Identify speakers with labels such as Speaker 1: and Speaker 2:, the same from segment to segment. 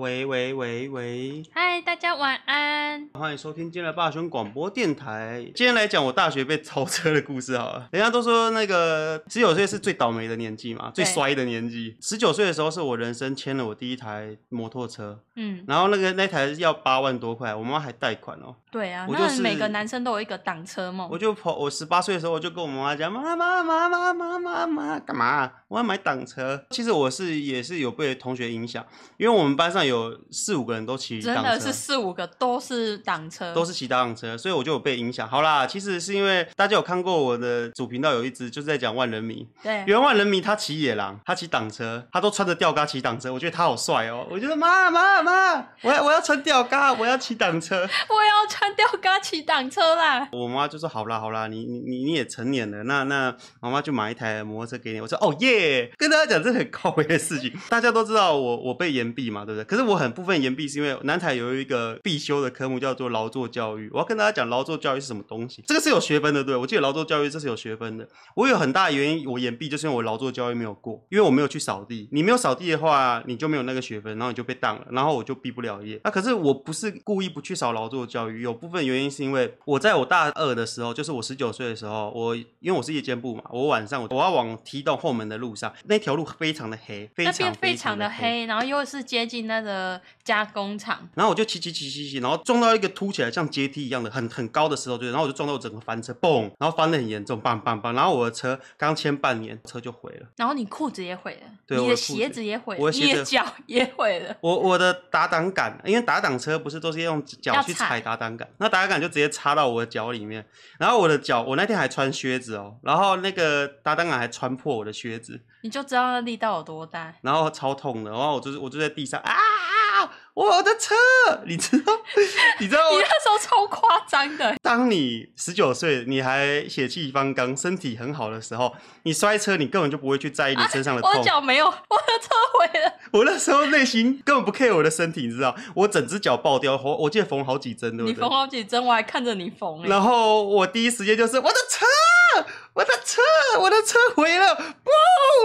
Speaker 1: 喂喂喂喂！嗨，
Speaker 2: 喂 Hi, 大家晚安，
Speaker 1: 歡迎收聽《今天的霸軒廣播電台》。今天來講我大學被超車的故事，好了。人家都說那個十九歲是最倒霉的年紀嘛，對最衰的年紀。十九歲的時候，是我人生牽了我第一台摩托車。嗯，然後那個那台要八萬多塊，我媽媽還貸款哦。
Speaker 2: 對啊，我就是每個男生都有一個擋車夢。我就
Speaker 1: 跑，我十八歲的時候我就跟我媽媽講，媽媽媽媽媽媽媽，幹嘛？我要買擋車。其實我是也是有被同學影響，因為我們班上有四五個人都騎擋車，真的
Speaker 2: 是四五個都是擋車，都是
Speaker 1: 騎擋車，所以我就有被影響。好啦，其實是因為大家有看過我的主頻道有一支，就是在講萬人迷，對，原萬人迷他騎野狼，他騎擋車，他都穿着吊嘎騎擋車，我覺得他好帥哦，我覺得媽媽。啊！我我要，乘我，要我要穿吊嘎，我要騎檔車，
Speaker 2: 我要穿吊嘎騎檔車啦！
Speaker 1: 我媽就說：好啦好啦，你你你你也成年了，那那媽媽就買一台摩托車給你。我說：哦耶！Yeah! 跟大家講這很高味的事情，大家都知道我我被延畢嘛，對不對？可是我很部分延畢是因為南台有一個必修的科目叫做勞作教育。我要跟大家講勞作教育是什麼東西，這個是有學分的，對，對我記得勞作教育這是有學分的。我有很大原因，我延畢就是因為我勞作教育沒有過，因為我沒有去掃地。你沒有掃地的話，你就沒有那個學分，然後你就被當了，然後我就畢不了業。那、啊、可是我不是故意不去少勞作教育，有部分原因是因為我在我大二的時候，就是我十九歲的時候，我因為我是夜間部嘛，我晚上我我要往梯到後門的路上，那條路非常的黑，非常非常的黑，那邊非常的黑，
Speaker 2: 然後又是接近那個加工廠，
Speaker 1: 然後我就騎騎騎騎騎，然後撞到一個凸起來像階梯一樣的很很高的石頭，就然後我就撞到我整個翻車，嘣，然後翻的很嚴重，棒棒嘣，然後我的車剛牽半年，車就毀了，
Speaker 2: 然後你褲子也毀了，對，你的鞋子也毀了，我的，你的腳也毀了，
Speaker 1: 我我的。打擋桿，因為打擋車不是都是用腳去踩打擋桿，踩那打擋桿就直接插到我的腳裡面，然後我的腳，我那天還穿靴子哦，然後那個打擋桿還穿破我的靴子，
Speaker 2: 你就知道那力道有多大，
Speaker 1: 然後超痛的，然後我就是我就在地上啊。
Speaker 2: 我的車，
Speaker 1: 你知道？你知道？你那時候超誇張的。當你十九歲，你還血氣方剛、身體很好的時候，你摔車，你根本就不會去在意你身上的痛。啊、我的腳
Speaker 2: 沒有，我的車
Speaker 1: 毀了。我那時候內心根本不 care 我的身體，你知道？我整隻腳爆掉，我我記得縫好幾針。你縫
Speaker 2: 好幾針，我還看着你縫。然
Speaker 1: 後我第一時間就是我的車。我的車，我的車毀了！不，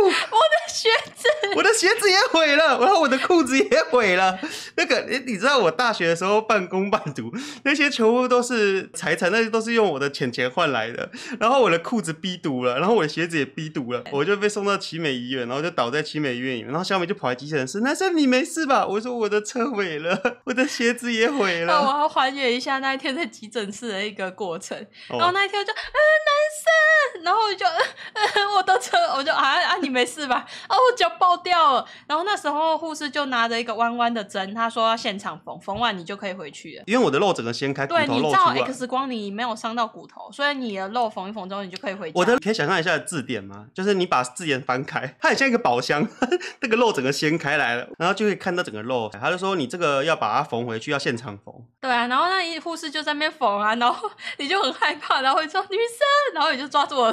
Speaker 1: 我的鞋子，我的鞋子也毀了，然後我的褲子也毀了。 那個你，你知道我大學的時候半工半讀，那些全部都是財產，那些都是用我的錢錢換來的。然後我的褲子逼毒了，然後我的鞋子也逼毒了，我就被送到奇美醫院，然後就倒在奇美醫院裡面。然後小美就跑來急診室：“ 男生，你沒事吧？”我說：“我的車毀了，我的鞋子也毀了。”那我
Speaker 2: 要還原一下那一天在急診室的一個過程。然後那一天我就，嗯、oh. 啊，男生。然後我就、嗯嗯、我的車，我就啊啊，你沒事吧？ 啊，我腳爆掉了。然後那時候護士就拿着一個彎彎的針，他說要現場縫，縫完你就可以回去了。因為
Speaker 1: 我的肉整個掀開，對骨頭露出來對，你照
Speaker 2: X 光，你沒有傷到骨頭，所以你的肉縫一縫之後，你就可以回去。我的可以
Speaker 1: 想象一下字典嗎？就是你把字典翻開，它很像一個寶箱呵呵，那個肉整個掀開來了，然後就可以看到整個肉。他就說，你這個要把它縫回去，要現場縫。
Speaker 2: 對啊，然後那一護士就在那邊縫啊，然後你就很害怕，然後你說女生，然後你就抓住我。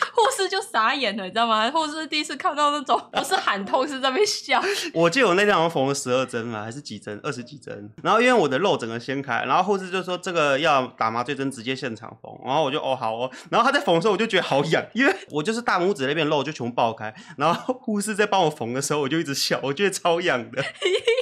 Speaker 2: 護士就傻眼了，你知道嗎？護士第一次看到那種不是喊痛，是在那邊笑。
Speaker 1: 我記得我那天縫了十二針嘛，還是幾針？二十幾針。然後因為我的肉整個掀開，然後護士就說這個要打麻醉針，直接現場縫。然後我就哦好哦。然後他在縫的時候，我就覺得好癢，因為我就是大拇指那邊肉就全部爆開。然後護士在幫我縫的時候，我就一直笑，我覺得超癢的。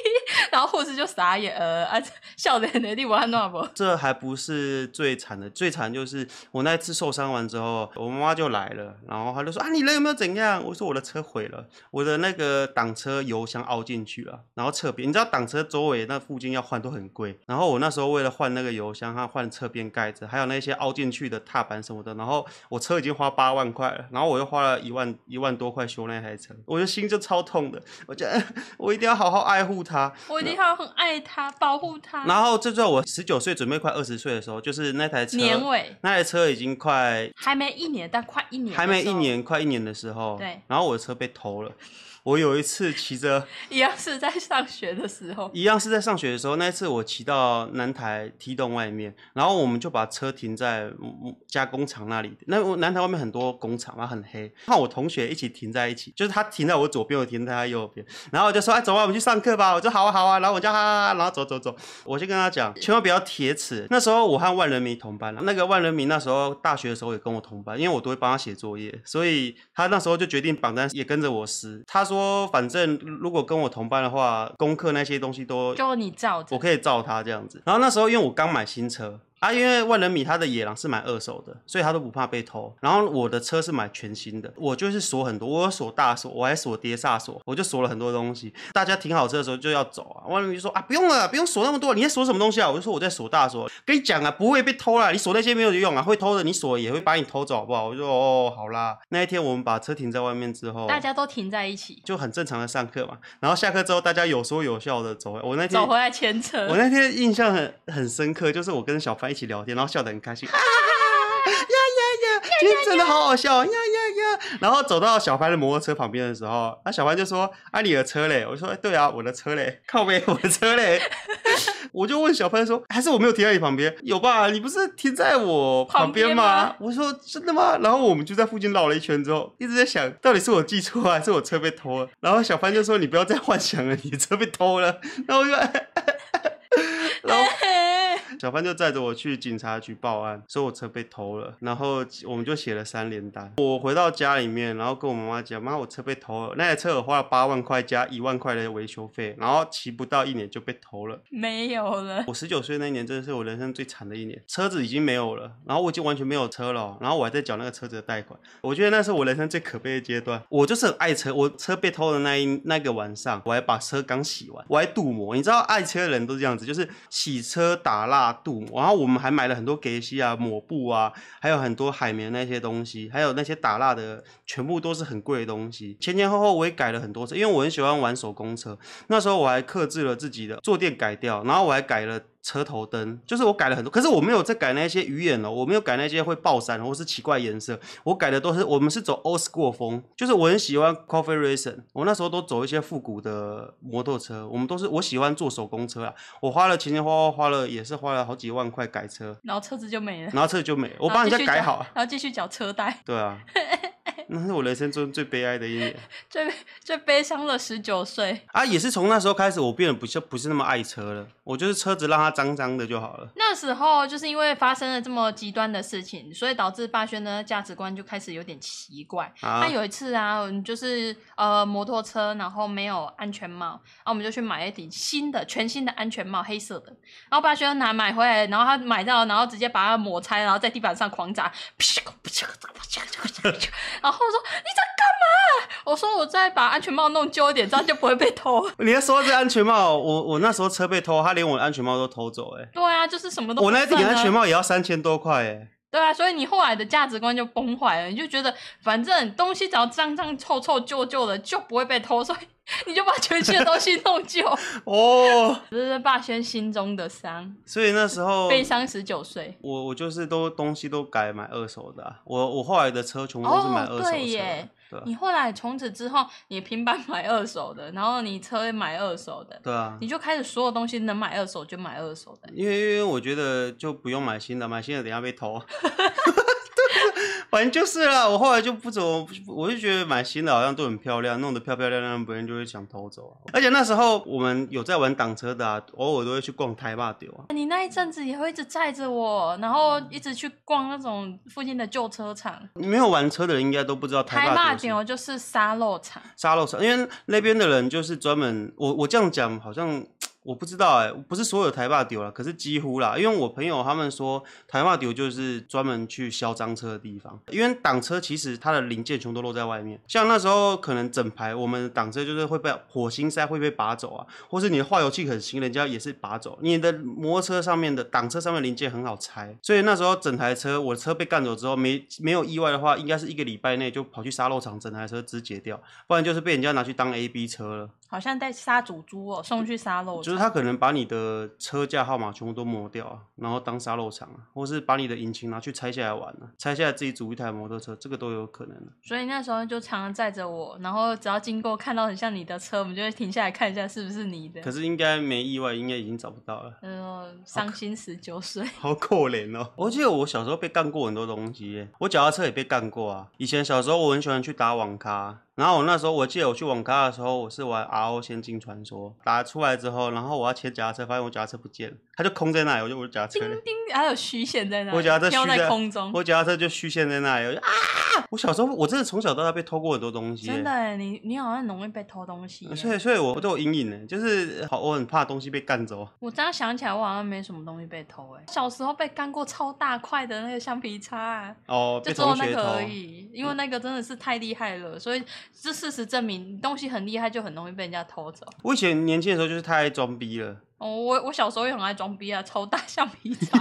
Speaker 2: 然後護士就傻眼，呃，啊，笑得很得意，我安那
Speaker 1: 不？這還不是最慘的，最慘的就是我那次受傷完之後，我媽媽就來了，然後她就說啊，你人有沒有怎樣？我說我的車毀了，我的那個擋車油箱凹進去了，然後側邊，你知道擋車周圍那附近要換都很貴。然後我那時候為了換那個油箱，還要換側邊蓋子，還有那些凹進去的踏板什麼的，然後我車已經花八萬塊了，然後我又花了一萬一萬多塊修那台車，我的心就超痛的，我覺得我一定要好好愛護它。
Speaker 2: 很愛他，保護他。然後，
Speaker 1: 這時候我十九歲，準備快二十歲的時候，就是那台車，年尾那台車已經快還
Speaker 2: 沒一年，但快一年還沒一
Speaker 1: 年，快一年的時候，對。然後我的車被偷了。我有一次騎着，
Speaker 2: 一樣是在上學的時候，一
Speaker 1: 樣是在上學的時候。那一次我騎到南台梯洞外面，然後我們就把車停在加工廠那裡。那南台外面很多工廠嘛，很黑。那我同學一起停在一起，就是他停在我左邊，我停在他右邊。然後我就說：“哎、欸，走吧、啊，我們去上課吧。”我說：“好啊，好啊。”然後我叫：“哈哈、啊，然後走走走。”我就跟他講：“千萬不要鐵齒。”那時候我和萬人迷同班了。那個萬人迷那時候大學的時候也跟我同班，因為我都會幫他寫作業，所以他那時候就決定榜單也跟着我撕。他。說反正如果跟我同班的話，功課那些東西都就
Speaker 2: 你照，我可
Speaker 1: 以照他這樣子。然後那時候因為我剛買新車。啊，因為萬人迷他的野狼是買二手的，所以他都不怕被偷。然後我的車是買全新的，我就是鎖很多，我有鎖大鎖，我還鎖碟剎鎖，我就鎖了很多東西。大家停好車的時候就要走啊。萬人迷就說啊，不用了，不用鎖那麼多，你在鎖什麼東西啊？我就說我在鎖大鎖，跟你講啊，不會被偷啦，你鎖那些沒有用啊，會偷的，你鎖也會把你偷走，好不好？我就說哦，好啦。那一天我們把車停在外面之後，大
Speaker 2: 家都停在一起，
Speaker 1: 就很正常的上課嘛。然後下課之後大家有說有笑的走，我那天走回
Speaker 2: 來牽車，我那天
Speaker 1: 印象很很深刻，就是我跟小范。一起聊天，然後笑得很開心，啊，呀呀呀，真的好好笑，呀呀呀。然後走到小潘的摩托車旁邊的時候，那、啊、小潘就說：“啊，你的車嘞？”我說：“哎，對啊，我的車嘞，靠北，我的車嘞。 ”我就問小潘說：“還是我沒有停在你旁邊？有吧？你不是停在我旁邊嗎？”邊嗎我說：“真的嗎？”然後我們就在附近繞了一圈之後，一直在想，到底是我記錯還是我車被偷了。然後小潘就說：“你不要再幻想了，你車被偷了。”然後我說：“哎。”小潘就載着我去警察局報案，說我車被偷了。然後我們就寫了三聯單。我回到家裡面，然後跟我媽媽講：“媽，我車被偷了。那台車我花了八萬塊加一萬塊的維修費，然後騎不到一年就被偷了，
Speaker 2: 沒有了。”
Speaker 1: 我十九歲那年，真的是我人生最慘的一年。車子已經沒有了，然後我已經完全沒有車了。然後我還在繳那個車子的貸款。我覺得那是我人生最可悲的階段。我就是很愛車。我車被偷的那一那個晚上，我還把車剛洗完，我還鍍膜。你知道愛車的人都是這樣子，就是洗車打蠟。度，然後我們還買了很多隔錫啊、抹布啊，還有很多海綿那些東西，還有那些打蠟的，全部都是很貴的東西。前前後後我也改了很多次，因為我很喜歡玩手工車。那時候我還客製了自己的坐墊改掉，然後我還改了。車頭燈就是我改了很多，可是我沒有再改那些魚眼哦，我沒有改那些會爆閃或是奇怪顏色。我改的都是，我們是走 old school 風，就是我很喜歡 cafe racer。我那時候都走一些復古的摩托車，我們都是，我喜歡做手工車啊。我花了錢錢花花花了也是花了好幾萬塊改車，然
Speaker 2: 後車子就沒了，然
Speaker 1: 後車子就沒了，我幫你再改好，然
Speaker 2: 後繼續繳車貸。
Speaker 1: 對啊。 那是我人生中最悲哀的一年，
Speaker 2: 最最悲傷的十九歲
Speaker 1: 啊，也是從那時候開始，我變得不就不是那麼愛車了。我就是車子讓它髒髒的就好了。
Speaker 2: 那時候就是因為發生了這麼極端的事情，所以導致霸軒的價值觀就開始有點奇怪。他有一次啊，就是呃摩托車，然後沒有安全帽，然後我們就去買了一頂新的全新的安全帽，黑色的，然後霸軒拿買回來，然後他買到，然後直接把它抹拆，然後在地板上狂砸，屁股砸 然後我說，你在幹嘛？我說我再把安全帽弄舊一點，這樣就不會被偷。
Speaker 1: 你要說這安全帽，我我那時候車被偷，他連我的安全帽都偷走、欸，哎。
Speaker 2: 對啊，就是什麼都。我那頂安全帽也要
Speaker 1: 三千多塊、欸，
Speaker 2: 哎。對啊，所以你後來的價值觀就崩壞了，你就覺得反正東西只要髒髒、臭臭，臭，臭，臭的、舊舊的就不會被偷，所以。 你就把全新的東西弄舊
Speaker 1: 哦，
Speaker 2: 這 是霸軒心中的傷。
Speaker 1: 所以那時候 悲
Speaker 2: 傷十九歲，
Speaker 1: 我我就是都東西都改買二手的、啊。我我後來的車全部都是買二手的。哦，對，耶
Speaker 2: 對，你後來從此之後，你平板買二手的，然後你車也買二手的，對啊，你就開始所有東西能買二手就買二手的、欸。
Speaker 1: 因為因為我覺得就不用買新的，買新的等下被偷。 對。反正就是了，我後來就不走，我就覺得買新的好像都很漂亮，弄得漂漂亮亮，別人就會想偷走、啊。而且那時候我們有在玩擋車的啊，偶爾都會去逛台霸丟啊、
Speaker 2: 欸。你那一陣子也會一直載着我，然後一直去逛那種附近的舊車場。你、
Speaker 1: 嗯、沒有玩車的人應該都不知道台霸丟，
Speaker 2: 台就是沙漏廠。
Speaker 1: 沙漏廠，因為那邊的人就是專門，我我這樣講好像。我不知道哎、欸，不是所有台霸丟了，可是幾乎啦，因為我朋友他們說台霸丟就是專門去銷贓車的地方，因為擋車其實它的零件全都露在外面，像那時候可能整排我們擋車就是會被火星塞會被拔走啊，或是你的化油器很新，人家也是拔走，你的摩托車上面的擋車上面零件很好拆，所以那時候整台車，我的車被幹走之後，沒沒有意外的話，應該是一個禮拜內就跑去沙漏廠整台車肢解掉，不然就是被人家拿去當 A B 車了。
Speaker 2: 好像帶殺豬豬哦，送去殺肉。就是他
Speaker 1: 可能把你的車架號碼全部都磨掉，然後當殺肉場啊，或是把你的引擎拿去拆下來玩啊，拆下來自己組一台摩托車，這個都有可能。
Speaker 2: 所以那時候就常常載着我，然後只要經過看到很像你的車，我們就會停下來看一下是不是你的。可
Speaker 1: 是應該沒意外，應該已經找不到了。
Speaker 2: 嗯，傷心十九
Speaker 1: 歲，好可憐哦、喔。我記得我小時候被幹過很多東西、欸，我腳踏車也被幹過啊。以前小時候我很喜歡去打網咖。然後我那時候，我記得我去網咖的時候，我是玩 R O 仙境傳說，打出來之後，然後我要切腳踏車，車，發現我腳踏車不見了。他就空在那裡，我就我假車。
Speaker 2: 釘釘還有虛線在那裡。我假這虛在空中。我
Speaker 1: 假這就虛線在那裡，我就啊！
Speaker 2: 我小時候我
Speaker 1: 真的從小到大被偷過很多東西、欸。真
Speaker 2: 的，你你好像容易被偷東西所。所以
Speaker 1: 所以我都有陰影呢，就是好我很怕東西被幹走。
Speaker 2: 我這樣想起來，我好像沒什麼東西被偷哎。小時候被幹過超大塊的那個橡皮擦、啊。哦。就只有那個而已，因為那個真的是太厲害了，嗯、所以這事實證明，東西很厲害就很容易被人家偷走。
Speaker 1: 我以前年輕的時候就是太愛裝逼了。
Speaker 2: 哦、我我小時候也很愛裝逼啊，超大橡皮擦，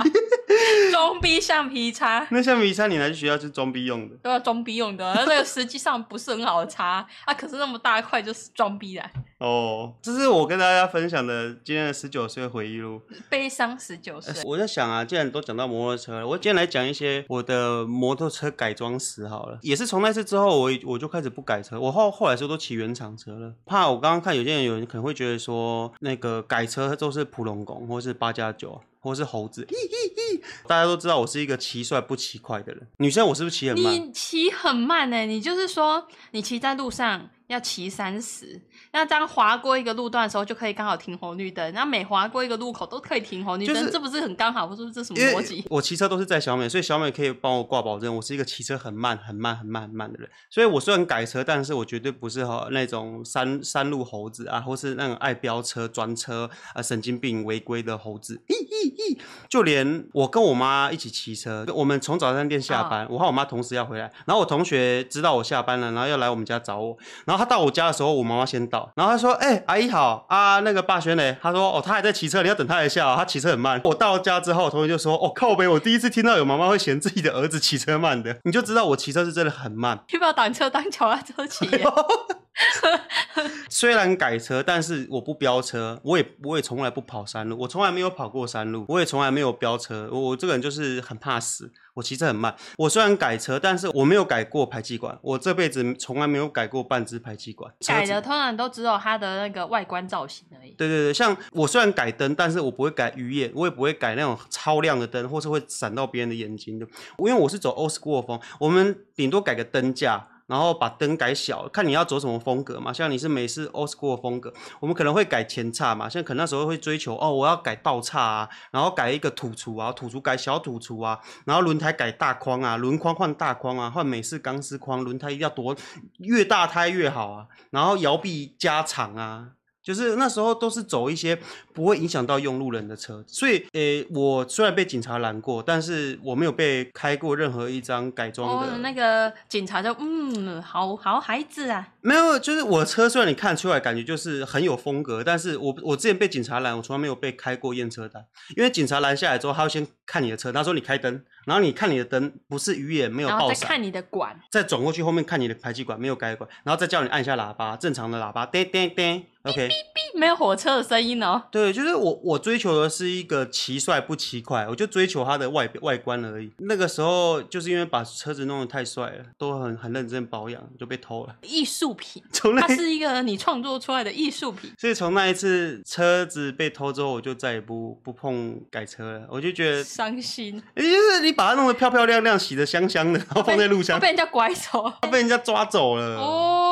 Speaker 2: 裝 逼橡皮擦。
Speaker 1: 那橡皮擦你來學校是裝逼用的。
Speaker 2: 對啊，裝逼用的，那個實際上不是很好的擦，它、 啊、可是那麼大塊就是裝逼的，啊。
Speaker 1: 哦，這是我跟大家分享的今天的十九歲回憶錄，
Speaker 2: 悲傷十九歲。呃、我
Speaker 1: 在想啊，既然都講到摩托車了，我今天來講一些我的摩托車改裝史好了。也是從那次之後我，我我就開始不改車，我後後來說都騎原廠車了，怕我剛剛看有些人有人可能會覺得說那個改車都是普龍公，或者是八加九或者是猴子，嘿嘿嘿，大家都知道我是一個騎帥不騎快的人。女生，我是不是騎很慢？你
Speaker 2: 騎很慢呢、欸？你就是說你騎在路上。要騎三十，那這樣劃過一個路段的時候，就可以剛好停紅綠燈。然後每劃過一個路口都可以停紅綠燈，這不是很剛好？或是說這什麼邏輯？
Speaker 1: 我騎車都是載小美，所以小美可以幫我掛保證。我是一個騎車很慢、很慢、很慢、很慢的人。所以，我雖然改車，但是我絕對不是哈那種山山，山路猴子啊，或是那種愛飆車、專車啊、神經病、違規的猴子。咦咦咦！就連我跟我媽一起騎車，我們從早餐店下班，oh. 我和我媽同時要回來，然後我同學知道我下班了，然後要來我們家找我，然後。他到我家的時候，我媽媽先到，然後他說：“哎、欸，阿姨好啊，那個霸軒呢？”他說：“哦，他還在騎車，你要等他一下、哦，他騎車很慢。”我到家之後，同學就說：“哦，靠北，我第一次聽到有媽媽會嫌自己的兒子騎車慢的，你就知道我騎車是真的很慢，
Speaker 2: 要不要擋車當腳踏車騎啊。哎”
Speaker 1: 雖然改車，但是我不飆車，我也我也從來不跑山路，我從來沒有跑過山路，我也從來沒有飆車。我這個人就是很怕死，我騎車很慢。我雖然改車，但是我沒有改過排氣管，我這輩子從來沒有改過半支排氣管。改的
Speaker 2: 通常都只有它的那個外觀造型而
Speaker 1: 已。對對對，像我雖然改燈，但是我不會改魚眼，我也不會改那種超亮的燈，或是會閃到別人的眼睛的。因為我是走 Old School 風，我們頂多改個燈架。然後把燈改小，看你要走什麼風格嘛。像你是美式、Old School 的風格，我們可能會改前叉嘛。像可能那時候會追求哦，我要改倒叉啊，然後改一個土廚啊，土廚改小土廚啊，然後輪胎改大框啊，輪框換大框啊，換美式鋼絲框，輪胎一定要多，越大胎越好啊。然後搖臂加長啊。就是那時候都是走一些不會影響到用路人的車，所以，誒、欸，我雖然被警察攔過，但是我沒有被開過任何一張改裝的。哦，
Speaker 2: 那個警察就嗯，好好孩子啊。
Speaker 1: 沒有，就是我車雖然你看出來感覺就是很有風格，但是我我之前被警察攔，我從來沒有被開過驗車單，因為警察攔下來之後，他要先看你的車，他說你開燈，然後你看你的燈，不是魚眼沒有爆閃，然後再
Speaker 2: 看你的管，
Speaker 1: 再轉過去後面看你的排氣管沒有改管，然後再叫你按一下喇叭，正常的喇叭，叮叮叮，OK，嗶
Speaker 2: 嗶，沒有火車的聲音哦。
Speaker 1: 對，就是我我追求的是一個奇帥不奇怪，我就追求它的外外觀而已。那個時候就是因為把車子弄得太帥了，都很很認真保養，就被偷了，
Speaker 2: 藝術。從來它是一個你創作出來的藝術品，
Speaker 1: 所以從那一次車子被偷之後，我就再也不不碰改車了。我就覺得
Speaker 2: 傷心，
Speaker 1: 就是你把它弄得漂漂亮亮、洗得香香的，然後放在路上，被、
Speaker 2: 被人家拐走，
Speaker 1: 他被人家抓走了哦。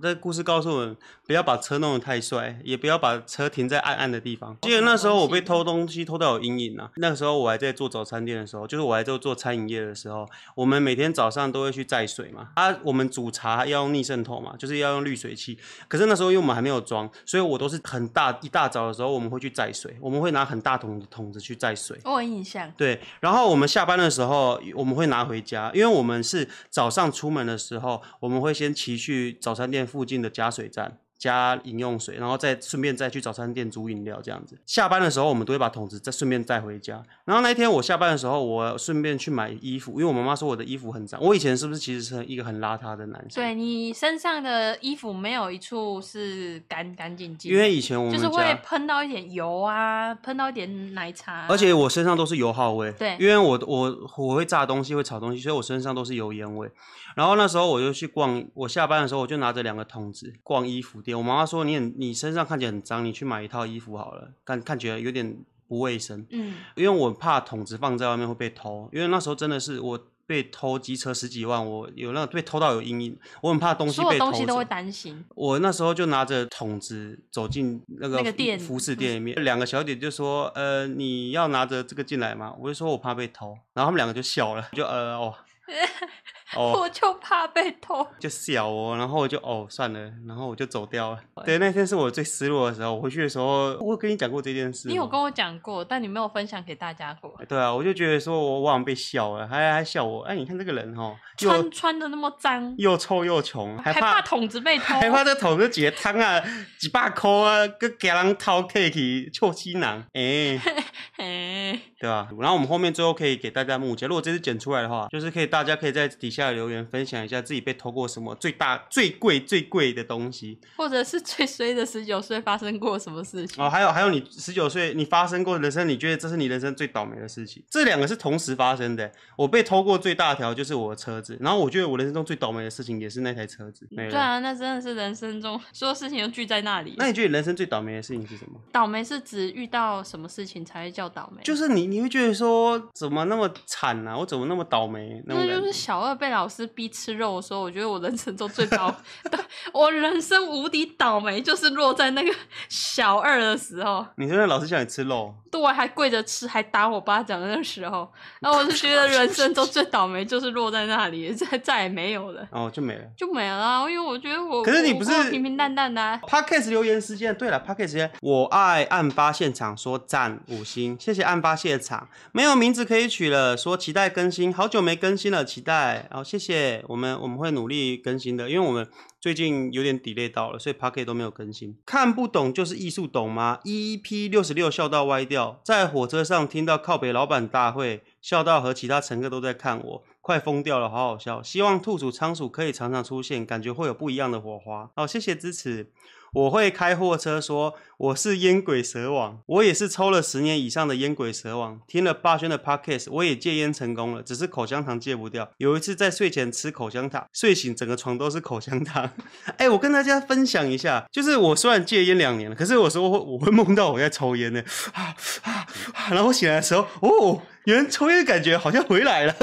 Speaker 1: 這故事告訴我們，不要把車弄得太帥，也不要把車停在暗暗的地方。記得那時候我被偷東西偷到有陰影啊。那個時候我還在做早餐店的時候，就是我還在做餐飲業的時候，我們每天早上都會去載水嘛。啊，我們煮茶要用逆滲透嘛，就是要用濾水器。可是那時候因為我們還沒有裝，所以我都是很大一大早的時候我們會去載水，我們會拿很大桶的桶子去載水。我有印象。對，然後我們下班的時候我們會拿回家，因為我們是早上出門的時候我們會先騎去早餐店，附近的加水站。加飲用水，然後再順便再去早餐店煮飲料這樣子。下班的時候，我們都會把桶子再順便帶回家。然後那一天我下班的時候，我順便去買衣服，因為我媽媽說我的衣服很髒。我以前是不是其實是一個很邋遢的男
Speaker 2: 生？對你身上的衣服沒有一處是乾乾淨淨，因為以前我們就是會噴到一點油啊，噴到一點奶茶啊，而且
Speaker 1: 我身上都是油耗味。對，因為我我我會炸東西，會炒東西，所以我身上都是油煙味。然後那時候我就去逛，我下班的時候我就拿着兩個桶子逛衣服。我媽媽說，你很你身上看起來很髒，你去買一套衣服好了，看看起來有點不衛生。嗯，因為我很怕桶子放在外面會被偷，因為那時候真的是我被偷機車十幾萬，我有那個被偷到有陰影，我很怕東西被偷。東西都會擔心。我那時候就拿着桶子走進那個服服飾店裡面，個嗯、兩個小姐就說，呃你要拿着這個進來嗎？我就說我怕被偷，然後他們兩個就笑了，就呃哦。 Oh，我
Speaker 2: 就怕被偷，
Speaker 1: 就笑我，然後我就哦、oh，算了，然後我就走掉了。Oh。對，那天是我最失落的時候。我回去的時候，我有跟你講過這件事。你有
Speaker 2: 跟我講過，喔、但你沒有分享給大家過。欸、
Speaker 1: 對啊，我就覺得說我好像被笑了，還還笑我。哎、欸，你看這個人哦、喔，穿
Speaker 2: 穿的那麼髒，
Speaker 1: 又臭又窮，還怕，還怕
Speaker 2: 桶子被偷，還怕這
Speaker 1: 桶子幾個湯啊，幾 百塊啊，個家人掏起去臭西囊。哎、欸。 欸對吧、啊？然後我們後面最後可以給大家目前，如果這次剪出來的話，就是可以大家可以在底下留言分享一下自己被偷過什麼最大、最貴、最貴的東西，
Speaker 2: 或者是最衰的十九歲發生過什麼事情。哦，還有
Speaker 1: 還有你19，你十九歲你發生過的人生，你覺得這是你人生最倒霉的事情？這兩個是同時發生的。我被偷過最大條就是我的車子，然後我覺得我人生中最倒霉的事情也是那台車子。對
Speaker 2: 啊，那真的是人生中所有事情都聚在那裡。那你
Speaker 1: 覺得人生最倒霉的事情是什麼？
Speaker 2: 倒霉是指遇到什麼事情才會叫倒霉？就是就
Speaker 1: 是你，你會覺得說怎麼那麼慘吶、啊？我怎麼那麼倒霉？那就是，就是
Speaker 2: 小二被老師逼吃肉的時候，我覺得我人生中最倒霉 我人生無敵倒霉就是落在那個小二的時候。
Speaker 1: 你說那老師叫你吃肉，
Speaker 2: 對，還跪着吃，還打我巴掌的那個時候，那我是覺得人生中最倒霉就是落在那裡，再再也沒有了。 哦，就沒了，就沒了、啊。因為我覺得我可是你不是平平淡淡的、
Speaker 1: 啊。Podcast 留言時間，對了 Podcast 我愛案發現場，說讚五星，謝謝案發。發洩場沒有名字可以取了，說期待更新，好久沒更新了，期待。好、哦，謝謝我們，我們會努力更新的，因為我們最近有點 delay 到了，所以 podcast 都沒有更新。看不懂就是藝術，懂嗎？EP 66笑到歪掉，在火車上聽到靠北老闆大會，笑到和其他乘客都在看我。快瘋掉了，好好笑。希望兔鼠倉鼠可以常常出現，感覺會有不一樣的火花。好、哦，謝謝支持。我會開貨車說，說我是煙鬼蛇王，我也是抽了十年以上的煙鬼蛇王。聽了霸軒的 Podcast，我也戒煙成功了，只是口香糖戒不掉。有一次在睡前吃口香糖，睡醒整個床都是口香糖。哎，我跟大家分享一下，就是我雖然戒煙兩年了，可是我說我，我會夢到我在抽煙呢。啊啊，啊然後我醒來的時候，哦，有人抽煙的感覺好像回來了。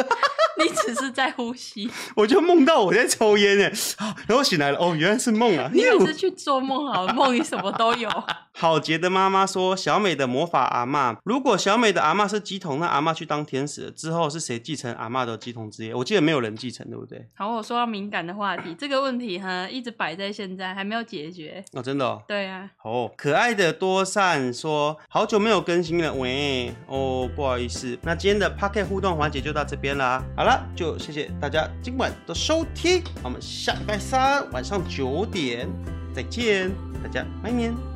Speaker 2: 你只是在呼吸，
Speaker 1: 我就夢到我在抽煙耶、啊，然後醒來了，哦，原來是夢啊！你也是
Speaker 2: 去做夢好，夢裡什麼都有。
Speaker 1: 郝杰 的媽媽說：“小美的魔法阿媽，如果小美的阿媽是乩童，那阿媽去當天使之後，是誰繼承阿媽的乩童之業？我記得沒有人繼承，對不對？”
Speaker 2: 好，我說到敏感的話題，這個問題哈一直擺在現在，還沒有解決。
Speaker 1: 哦，真的？哦？
Speaker 2: 對
Speaker 1: 啊。哦，可愛的多善說，好久沒有更新了喂，哦，不好意思，那今天的 Pocket 互動環節就到這邊啦。好了，就謝謝大家今晚的收聽，我們下禮拜三晚上九點再見，大家拜年。